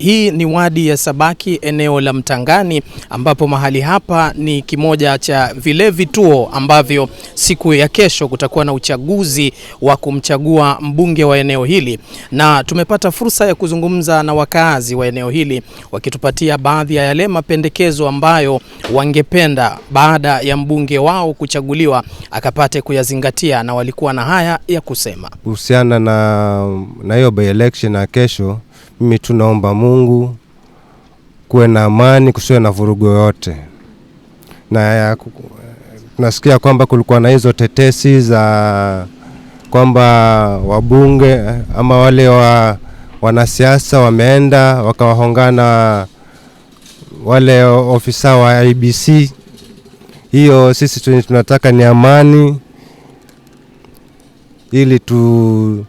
Hii ni wadi ya Sabaki eneo la Mtangani, ambapo mahali hapa ni kimoja cha vile vituo ambavyo siku ya kesho kutakuwa na uchaguzi wa kumchagua mbunge wa eneo hili, na tumepata fursa ya kuzungumza na wakazi wa eneo hili wakitupatia baadhi ya yale mapendekezo ambayo wangependa baada ya mbunge wao kuchaguliwa akapate kuyazingatia, na walikuwa na haya ya kusema kuhusiana na hiyo by election ya kesho. Mimi tunaomba Mungu kuwe na amani, kusiwe na vurugu yoyote. Na tunasikia kwamba kulikuwa na hizo tetesi za kwamba wabunge ama wale wa wanasiasa wameenda wakawahongana wale ofisa wa IBC. Hiyo sisi tunataka ni amani, ili tu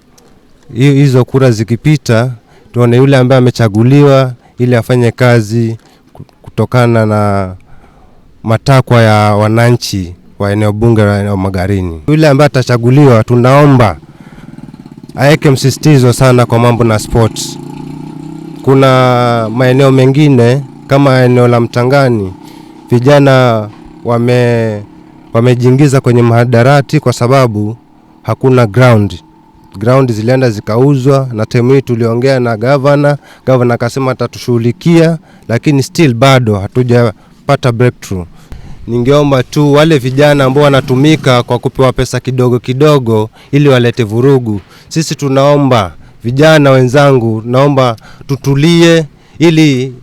hizo kura zikipita tuone yule ambaye amechaguliwa ili afanye kazi kutokana na matakwa ya wananchi wa eneo bunge la eneo Magarini. Yule ambaye atachaguliwa, tunaomba aweke msisitizo sana kwa mambo na sports. Kuna maeneo mengine kama eneo la mtangani vijana wame wamejiingiza kwenye mahadarati kwa sababu hakuna ground ground zilienda zikauzwa, na time hii tuliongea na gavana, gavana akasema atatushughulikia, lakini still bado hatujapata breakthrough. Ningeomba tu wale vijana ambao wanatumika kwa kupewa pesa kidogo kidogo ili walete vurugu, sisi tunaomba vijana wenzangu, naomba tutulie ili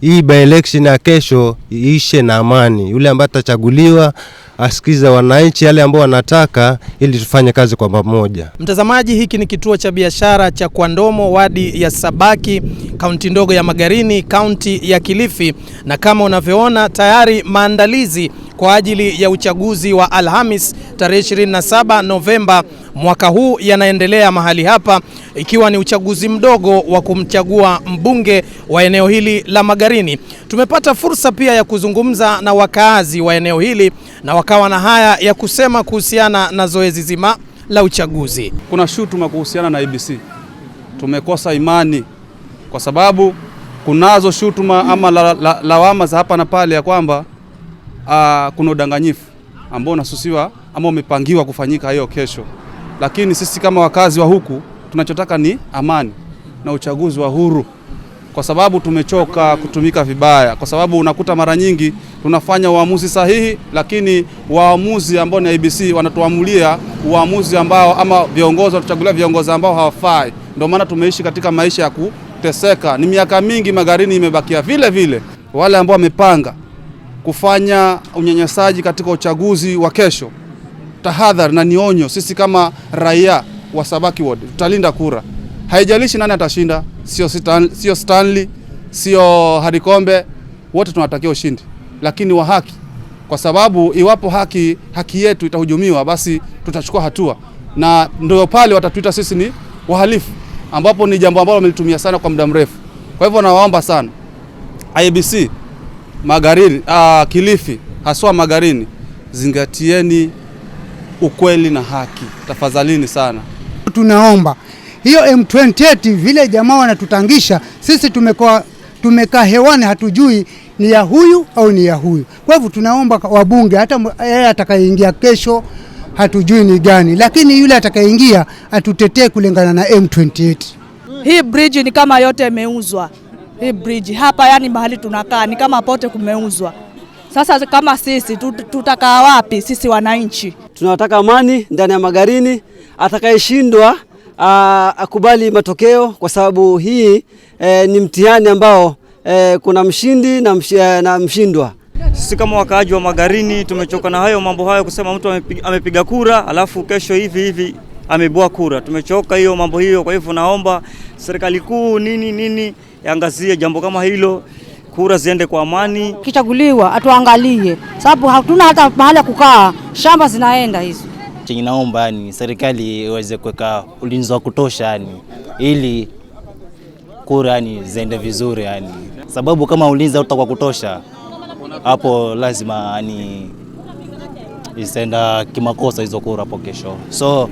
hii by election ya kesho iishe na amani. Yule ambaye atachaguliwa asikize wananchi yale ambao wanataka, ili tufanye kazi kwa pamoja. Mtazamaji, hiki ni kituo cha biashara cha Kwandomo, wadi ya Sabaki, kaunti ndogo ya Magarini, kaunti ya Kilifi, na kama unavyoona tayari maandalizi kwa ajili ya uchaguzi wa Alhamis tarehe 27 Novemba mwaka huu yanaendelea mahali hapa, ikiwa ni uchaguzi mdogo wa kumchagua mbunge wa eneo hili la Magarini. Tumepata fursa pia ya kuzungumza na wakaazi wa eneo hili na wakawa na haya ya kusema kuhusiana na zoezi zima la uchaguzi. Kuna shutuma kuhusiana na IEBC, tumekosa imani kwa sababu kunazo shutuma ama lawama la, lawama za hapa na pale ya kwamba ah, kuna udanganyifu ambao unasusiwa ama umepangiwa kufanyika hiyo kesho lakini sisi kama wakazi wa huku tunachotaka ni amani na uchaguzi wa huru, kwa sababu tumechoka kutumika vibaya, kwa sababu unakuta mara nyingi tunafanya uamuzi sahihi, lakini waamuzi ambao ni IBC wanatuamulia uamuzi ambao, ama viongozi wanatuchagulia viongozi ambao hawafai. Ndio maana tumeishi katika maisha ya kuteseka, ni miaka mingi Magarini imebakia vile vile. Wale ambao wamepanga kufanya unyanyasaji katika uchaguzi wa kesho tahadhari na nionyo, sisi kama raia wa Sabaki Ward tutalinda kura, haijalishi nani atashinda, sio Stan, sio Stanley, sio Harikombe, wote tunatakiwa ushindi, lakini wa haki, kwa sababu iwapo haki haki yetu itahujumiwa, basi tutachukua hatua, na ndio pale watatuita sisi ni wahalifu, ambapo ni jambo ambalo wamelitumia sana kwa muda mrefu. Kwa hivyo nawaomba sana IBC Magarini, uh, ah, Kilifi haswa Magarini, zingatieni ukweli na haki, tafadhalini sana. Tunaomba hiyo M28 vile jamaa wanatutangisha sisi, tumekuwa tumekaa hewani, hatujui ni ya huyu au ni ya huyu. Kwa hivyo tunaomba wabunge, hata yeye eh, atakayeingia kesho hatujui ni gani, lakini yule atakayeingia atutetee kulingana na M28. Hii bridge ni kama yote imeuzwa. Hii bridge hapa, yani mahali tunakaa ni kama pote kumeuzwa. Sasa kama sisi tutakaa wapi sisi wananchi? Tunataka amani ndani ya Magarini. Atakayeshindwa akubali matokeo, kwa sababu hii e, ni mtihani ambao e, kuna mshindi na, msh, e, na mshindwa. Sisi kama wakaaji wa Magarini tumechoka na hayo mambo hayo, kusema mtu amepiga kura alafu kesho hivi hivi ameboa kura. Tumechoka hiyo mambo hiyo. Kwa hivyo naomba serikali kuu nini nini yaangazie jambo kama hilo kura ziende kwa amani. Kichaguliwa atuangalie, sababu hatuna hata mahali ya kukaa, shamba zinaenda hizo. Chenye naomba yani serikali iweze kuweka ulinzi wa kutosha yani, ili kura yani ziende vizuri yani, sababu kama ulinzi hautakuwa kutosha, hapo lazima yani isenda kimakosa hizo kura hapo kesho. So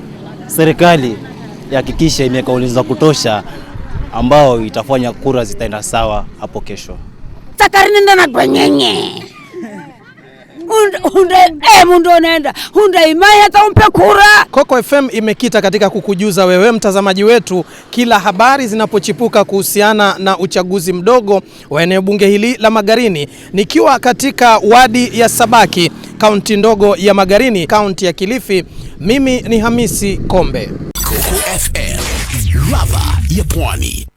serikali ihakikishe imeweka ulinzi wa kutosha ambao itafanya kura zitaenda sawa hapo kesho. Takarinienda na kwenyenye eh, mundu unaenda hunda imai hata umpe kura. Coco FM imekita katika kukujuza wewe mtazamaji wetu kila habari zinapochipuka kuhusiana na uchaguzi mdogo wa eneo bunge hili la Magarini, nikiwa katika wadi ya Sabaki, kaunti ndogo ya Magarini, kaunti ya Kilifi. Mimi ni Hamisi Kombe, Coco FM, ladha ya Pwani.